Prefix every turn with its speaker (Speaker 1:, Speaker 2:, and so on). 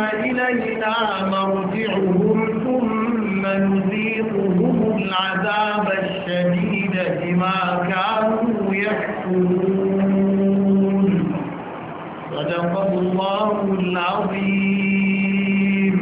Speaker 1: إلينا مرجعهم ثم نذيقهم العذاب الشديد بما كانوا يحكمون صدق الله العظيم